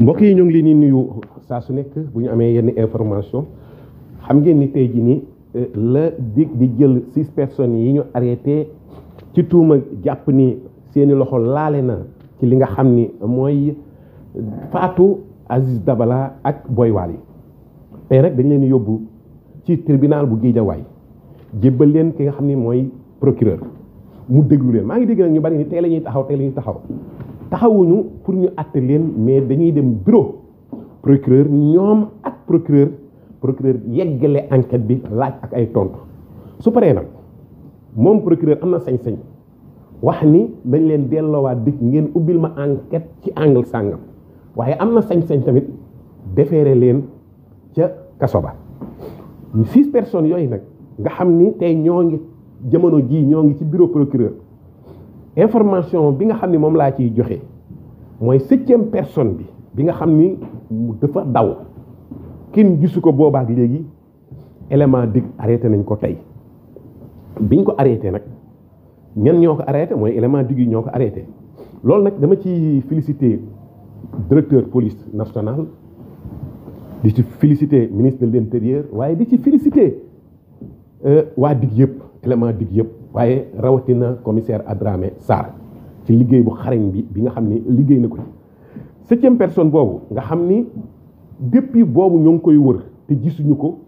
mbokk yi ñoo ngi leen di nuyu saa su nekk bu ñu amee yenn information xam ngeen ni tey jii nii euh, la dig di jël six personnes yi ñu arrêté ci tuuma jàpp ni seeni loxo laale na ci li nga xam ni mooy faatu asis Dabala ak Boy Wally tey nag dañ leen yóbbu ci tribunal bu giija waay jébbal leen ki nga xam ni mooy procureur mu déglu leen maa ngi dégg nag ñu bari ni tey la ñuy taxaw tey la taxaw taxawuñu pour ñu àtte leen mais dañuy dem bureau procureur ñoom ak procureur procureur yeggale enquête bi laaj ak ay tontu su paree nag moom procureur am na sañ-sañ wax ni dañ leen delloowaat dikk ngeen ubbil ma enquête ci angle sàngam waaye am na sañ-sañ tamit defeere leen ca kaso ba six personnes yooyu nag nga xam ni tey ñoo ngi jamono jii ñoo ngi ci bureau procureur information bi nga xam ni moom laa ciy joxe mooy septième personne bi bi nga xam ni dafa daw kenn gisu ko boobaak léegi élément dig arrêté nañ ko tey biñ ko arrêté nag ñan ñoo ko arrêté mooy élément dig yi ñoo ko arrêté loolu nag dama ci félicité directeur police nationale di ci félicité ministre de l'intérieur waaye di ci félicité euh, waa dig yëpp élément digg yëpp waaye rawatina commissaire Adramé Sarr ci liggéey bu xarañ bi bi nga xam ni liggéey na ko ci septième personne boobu nga xam ni depuis boobu ñoo ngi koy wër te gisuñu ko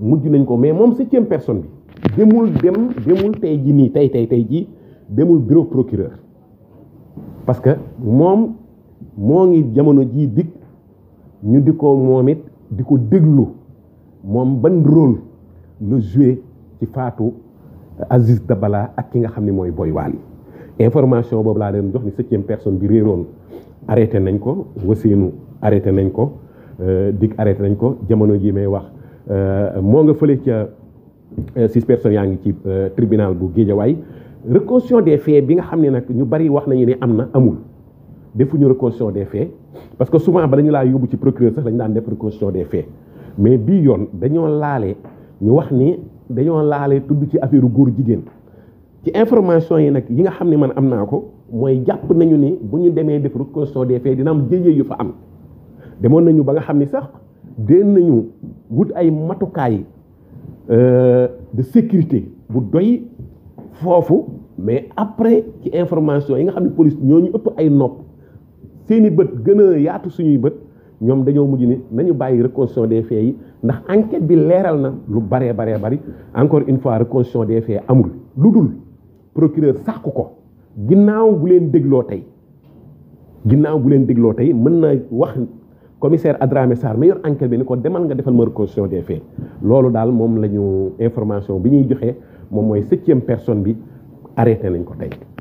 mujj nañ ko mais moom septième personne bi demul dem demul tey ji nii tey tey tey ji demul bureau procureur parce que moom moo ngi jamono jii dig ñu di ko moom it di ko déglu moom ban rôle la joué ci faatu Aziz balaa ak ki nga xam ne mooy booy waan information boobu laa leen jox ni septième personne bi réeroon arrêté nañ ko Ousseynou arrêté nañ ko euh, Dik arrêté nañ ko jamono ji may wax euh, moo nga fële ca euh, six personnes yaa ngi ci tribunal bu Guédiawaye reconstitution des faits bi nga xam ne nag ñu bari wax nañu ne am na amul defu ñu reconstitution de faits parce que souvent ba dañu laa yóbbu ci procureur sax lañu daan def reconstitution des faits mais bii yoon dañoo laale ñu wax ni dañoo laale tudd ci affaire góor jigéen ci information yi nag yi nga xam ne man am naa ko mooy jàpp nañu ni bu ñu demee def reconstitution des faits dina am jéyee yu fa am demoon nañu ba nga xam ni sax dén nañu wut ay matukaay euh, de sécurité bu doy foofu mais après ci information yi nga xam ne police ñu ëpp ay nopp seeni bët gën a yaatu suñuy bët ñoom dañoo mujj ni nañu bàyyi reconstitution des faits yi ndax enquête bi leeral na lu baree baree bari encore une fois reconstitution des faits amul lu dul procureur sàkku ko ginnaaw bu leen dégloo tey ginnaaw bu leen dégloo tey mën na wax commissaire Adramé Sarr ma yor bi ni ko demal nga defal ma reconstitution des faits loolu daal moom la ñu information bi ñuy joxe moom mooy septième personne bi arrêté nañ ko tey